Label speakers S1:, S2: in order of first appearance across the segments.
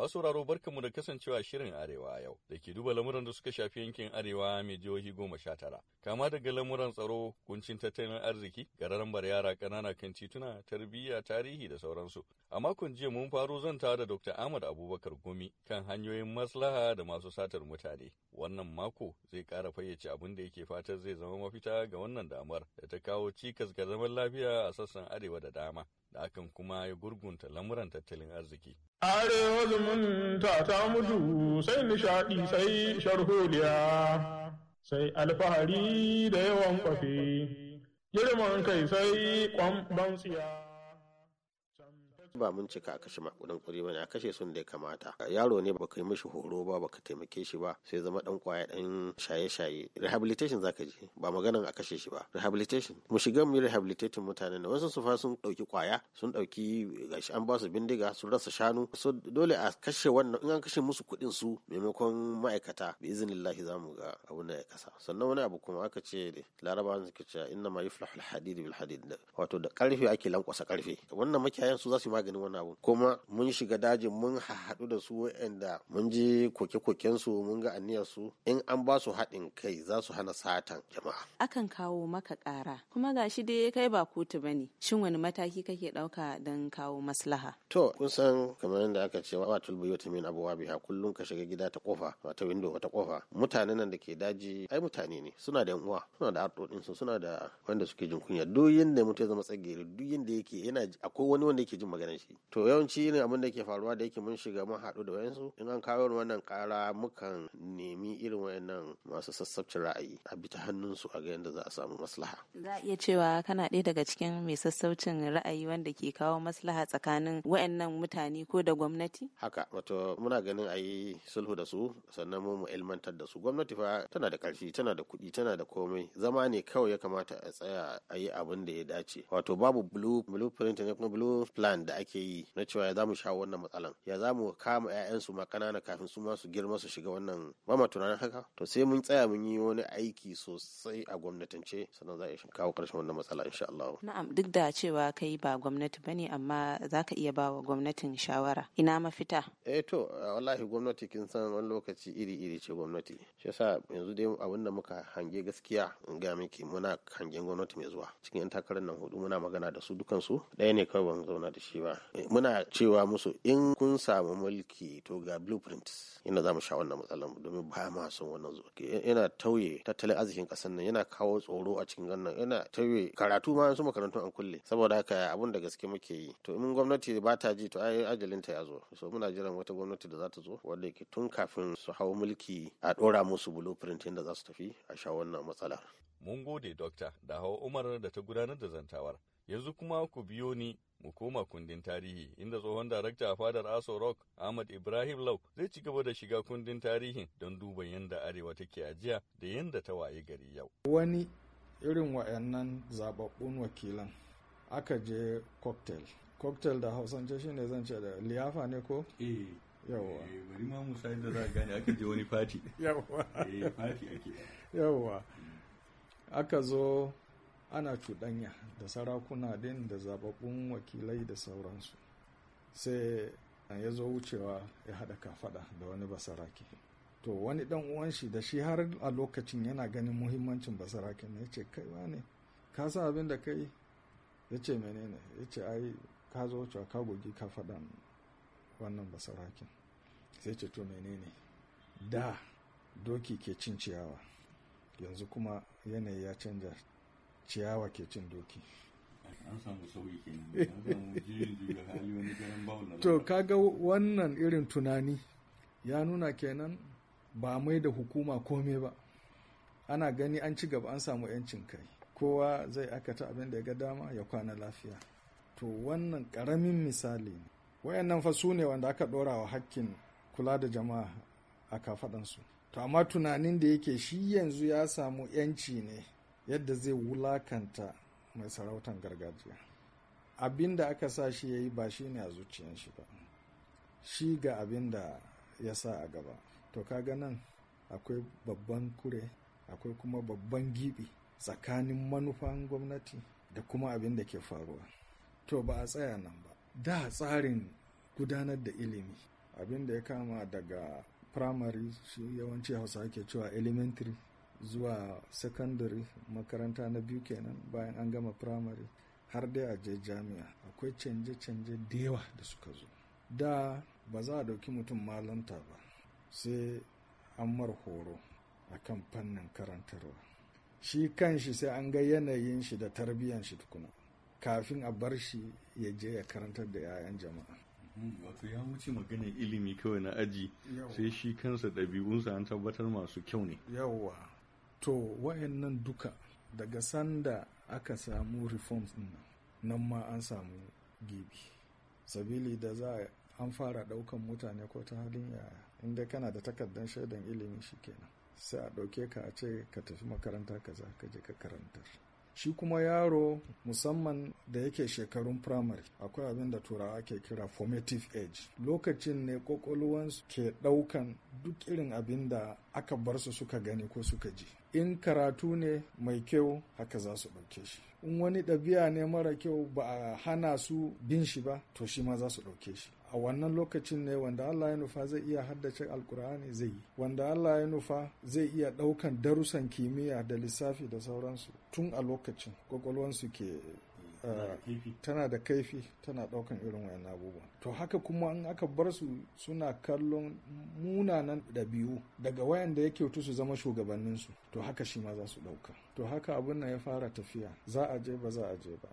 S1: Masu sauraro barkanmu da kasancewa shirin Arewa yau da ke duba lamuran da suka shafi yankin Arewa mai jihohi goma sha tara. Kama daga lamuran tsaro, kuncin tattalin arziki, gararambar yara ƙanana kan tituna, tarbiyya, tarihi da sauransu. A makon jiya mun faro zanta da Dr. Ahmad Abubakar Gumi kan hanyoyin maslaha da masu satar mutane. Wannan mako zai ƙara fayyace abin da yake fatar zai zama mafita ga wannan damar da ta kawo cikas ga zaman lafiya a sassan Arewa da dama. Da hakan kuma ya gurgunta lamuran tattalin arziki.
S2: Arewa zumunta ta mutu sai nishaɗi sai sharholiya sai alfahari da yawan kwafe, girman kai sai kwamban tsiya.
S3: ba mun cika a kashe makudin kuɗi bane a kashe sun da ya kamata yaro ne baka yi mishi horo ba baka taimake shi ba sai zama dan kwaya dan shaye-shaye rehabilitation zaka je ba maganan a kashe shi ba rehabilitation mu shiga mu rehabilitating mutane ne wasu su fa sun dauki kwaya sun dauki gashi an ba su bindiga sun rasa shanu so dole a kashe wannan in an kashe musu kuɗin su maimakon ma'aikata bi za mu ga abun da ya kasa sannan wani abu kuma aka ce laraba suke cewa inna ma yuflahu alhadid bil hadid wato da karfe ake lankwasa karfe wannan makiyayan su za su yi maganin wani abu kuma mun shiga dajin mun haɗu da su wa'anda mun ji koke-koken su mun ga aniyar su in an ba su haɗin kai za su hana satan jama'a
S2: akan kawo maka ƙara kuma ga shi dai kai ba kotu ba ne shin wani mataki kake ɗauka don kawo maslaha
S3: to kun san kamar yadda aka ce wa tulbu ta min abuwa biya kullum ka shiga gida ta kofa wata window wata kofa mutanen nan da ke daji ai mutane ne suna da uwa suna da arɗoɗin su suna da wanda suke jin kunya duk yanda mutum ya zama tsagere duk yanda yake yana akwai wani wanda yake jin magana da shi to yawanci ne abin da ke faruwa da yake mun shiga mun haɗu da wayansu in an kawo wannan ƙara mukan nemi irin wayannan masu sassabcin ra'ayi a bi ta hannunsu a ga yadda za a samu maslaha
S2: za a iya cewa kana ɗaya daga cikin mai sassaucin ra'ayi wanda ke kawo maslaha tsakanin wayannan mutane ko da gwamnati
S3: haka wato muna ganin a yi sulhu da su sannan mu ilmantar da su gwamnati fa tana da ƙarfi tana da kuɗi tana da komai zama ne kawai ya kamata a tsaya a yi abin da ya dace wato babu blue blueprint ne kuma blue plan da ake yi na cewa ya zamu shawo wannan matsalan ya zamu kama su ma kanana kafin su ma su girma su shiga wannan mama tunanin haka to sai mun tsaya mun yi wani aiki sosai a gwamnatance sannan za a kawo ƙarshen wannan matsala insha Allah
S2: na'am duk da cewa kai ba gwamnati bane amma zaka iya ba wa gwamnatin shawara ina mafita
S3: eh to wallahi gwamnati kin san wani lokaci iri iri ce gwamnati shi yasa yanzu dai abin da muka hange gaskiya in ga miki muna hangen gwamnati mai zuwa cikin 'yan takarar nan hudu muna magana da su dukan su ɗaya ne kawai ban zauna da shi ba muna cewa musu in kun samu mulki to ga blueprint yana za mu sha wannan matsalar domin ba ma son wannan zuwa yana tauye tattalin arzikin kasar nan yana kawo tsoro a cikin gannan. yana tauye karatu ma su makarantu an kulle saboda haka abun da gaske muke yi to in gwamnati ba ta ji to ai ajalin ta ya zo so muna jiran wata gwamnati da za ta zo wanda yake tun kafin su hau mulki a dora musu blueprint inda za su tafi a sha wannan matsalar
S1: Mun gode dokta da hawa Umar da ta gudanar da zantawar. Yanzu kuma ku biyo ni mu koma kundin tarihi inda tsohon darakta a fadar Aso Rock Ahmad Ibrahim Lau zai ci gaba da shiga kundin tarihi don duba yadda Arewa take ajiya da yadda ta waye gari yau.
S2: Wani irin wayannan zababbun wakilan aka je cocktail. Cocktail da Hausance shine zan ce da liyafa ne ko? Eh, eh, yawwa bari ma da za gane je wani fati yawwa eh ake yawwa aka zo ana cuɗanya da sarakuna din da zababbun wakilai da sauransu sai ya zo wucewa ya haɗa kafaɗa da wani basarake to wani ɗan uwan shi da shi har a lokacin yana ganin muhimmancin basarake ne ya ce kai wane ka sa abin da kai ya ce menene ya ce ai ka zo wucewa ka gogi kafaɗan wannan basarakin sai ce to menene da doki ke cin ciyawa yanzu kuma yanayi ya canja ciyawa ke cin doki
S1: an samu sauyi eh. to
S2: kaga wannan irin tunani ya nuna kenan ba mai da hukuma kome ba ana gani an ci gaba an samu yancin kai kowa zai akata abin da ya ga dama ya kwana lafiya to wannan karamin misali ne wayannan fa su ne wanda aka ɗora wa hakkin kula da jama'a a kafadansu to amma tunanin da yake shi yanzu ya samu yanci ne yadda zai wulakanta mai sarautan gargajiya abin da aka sa shi ya yi ba shi ne a zuciyan shi ba shi ga abin da ya sa a gaba to kaga nan akwai babban kure akwai kuma babban gibi tsakanin manufan gwamnati da kuma abin da ke faruwa to ba a tsaya nan ba da tsarin gudanar da ilimi abin da ya kama daga primary shi yawanci hausa ake cewa elementary zuwa secondary makaranta na biyu kenan bayan an gama primary har dai a je jami'a akwai canje-canje da yawa da suka zo da ba za a ɗauki mutum malanta ba sai an mar horo a kan fannin karantarwa shi kanshi, sai an ga yanayin shi da tarbiyyan shi tukuna kafin a bar shi ya je ya karantar da 'ya'yan jama'a wato ya wuce magana
S1: ilimi kawai na aji sai shi kansa ɗabi'unsa an tabbatar masu kyau ne
S2: yawwa to wayannan duka daga sanda aka samu reforms nan nan ma an samu gibi sabili da za an fara ɗaukan mutane ko ta halin yaya inda kana da takardar shaidan ilimi kenan, sai a ɗauke ka a ce ka tafi makaranta kaza ka je ka karantar shi kuma yaro musamman da yake shekarun primary akwai abin da turawa ake kira formative age lokacin ne kwakwalwansu ke ɗaukan duk irin abin da aka bar su suka gani ko suka ji in karatu ne mai kyau haka za su ɗauke shi in wani ɗabi'a ne mara kyau ba a hana su bin shi ba to shi ma za su ɗauke shi a wannan lokacin ne wanda Allah ya nufa zai iya haddace alkur'ani zai yi wanda Allah ya nufa zai iya ɗaukan darussan kimiyya da lissafi da sauransu tun a lokacin kwakwalwansu ke tana da kaifi tana daukan irin wayan abubuwa to haka kuma in aka bar su suna kallon munanan dabi'u. daga wayan da ya kyautu su zama shugabanninsu to haka shi ma za su dauka to haka abin nan ya fara tafiya za a je ba za a je ba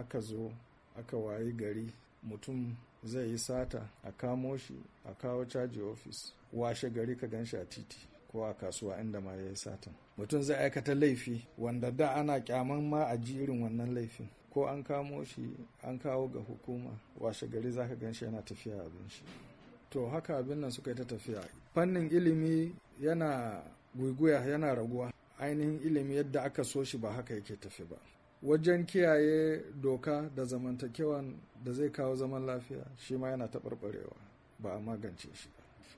S2: aka zo aka wayi gari mutum zai yi sata a kamo shi a kawo caji ofis washe gari ka gan a titi ko a kasuwa inda ma ya yi satan mutum zai aikata laifi wanda da ana kyaman ma a ji irin wannan laifin ko an kamo shi an kawo ga hukuma washe gari zaka gan shi yana tafiya abin shi to haka abin nan suka yi ta tafiya fannin ilimi yana guguya yana raguwa ainihin ilimi yadda aka so shi ba haka yake tafi ba wajen kiyaye doka da zamantakewan da zai kawo zaman lafiya shi ma yana taɓarɓarewa ba a magance shi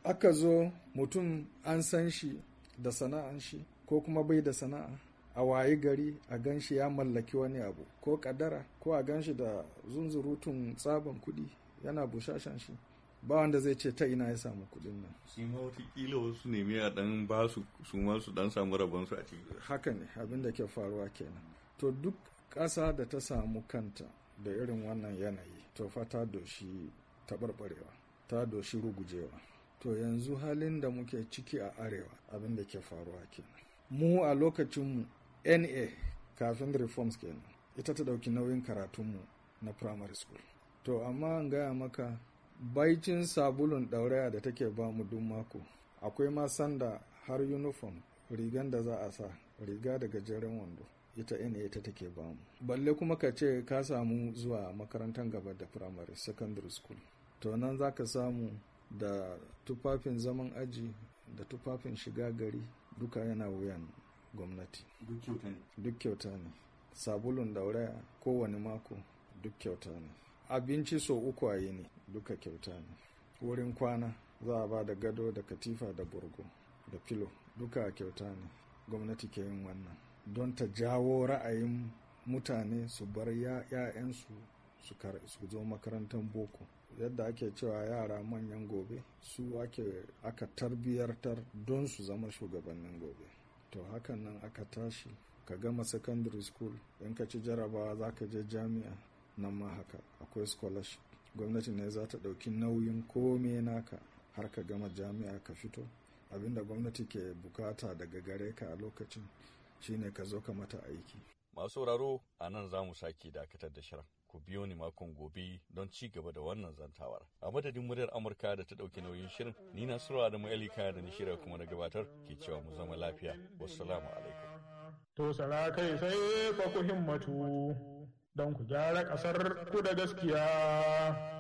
S2: aka zo mutum an san shi da sana'an shi ko kuma bai da sana'a a wayi gari a ganshi ya mallaki wani abu ko kadara ko a ganshi da zunzurutun tsaban kuɗi yana bushashen shi ba wanda zai ce ta ina ya samu kuɗin nan shi ma watakila
S1: wasu nemi a dan ba su su ma su dan samu rabon su
S2: a cikin haka ne abin da ke faruwa kenan to duk ƙasa da ta samu kanta da irin wannan yanayi to fa ta doshi taɓarɓarewa ta doshi rugujewa to yanzu halin da muke ciki a arewa abin da ke faruwa kenan mu a lokacin mu. na kafin reforms kenan ita ta ɗauki nauyin karatunmu na primary school to amma an gaya maka baicin sabulun ɗauraya da take ba mu duk mako akwai ma sanda har uniform rigan da za a sa riga da gajeren wando ita na ita take ba mu balle kuma ka ce ka samu zuwa makarantar gaba da primary secondary school to nan za ka samu da tufafin zaman aji da tufafin shiga gari duka yana wuyan gwamnati duk kyauta ne sabulun dauraya kowane mako duk kyauta ne abinci so uku a ne duka kyauta ne wurin kwana za a ba da gado da katifa da burgo da filo duka kyauta ne gwamnati ke yin wannan don ta jawo ra'ayin mutane su bar ‘ya'yansu su zo makarantar boko yadda ake cewa yara manyan gobe su ake aka tarbiyartar don su zama shugabannin gobe to hakan nan aka tashi ka gama secondary school in ka ci jarabawa za ka je jami'a nan ma haka akwai scholarship gwamnati ne za ta ɗauki nauyin kome naka har ka gama jami'a ka fito abinda gwamnati ke bukata daga gare ka a lokacin shine ka zo ka mata aiki
S1: Masu sauraro a nan za mu sake dakatar da shirin. Ku biyo ni makon gobe don ci gaba da wannan zantawar. A madadin muryar Amurka da ta ɗauki nauyin shirin, ni na sura da mu'ali kaya da nishira shirya kuma na gabatar ke cewa mu zama lafiya. Wassalamu alaikum.
S2: To sarakai sai fa ku himmatu don ku gyara ƙasar ku da gaskiya.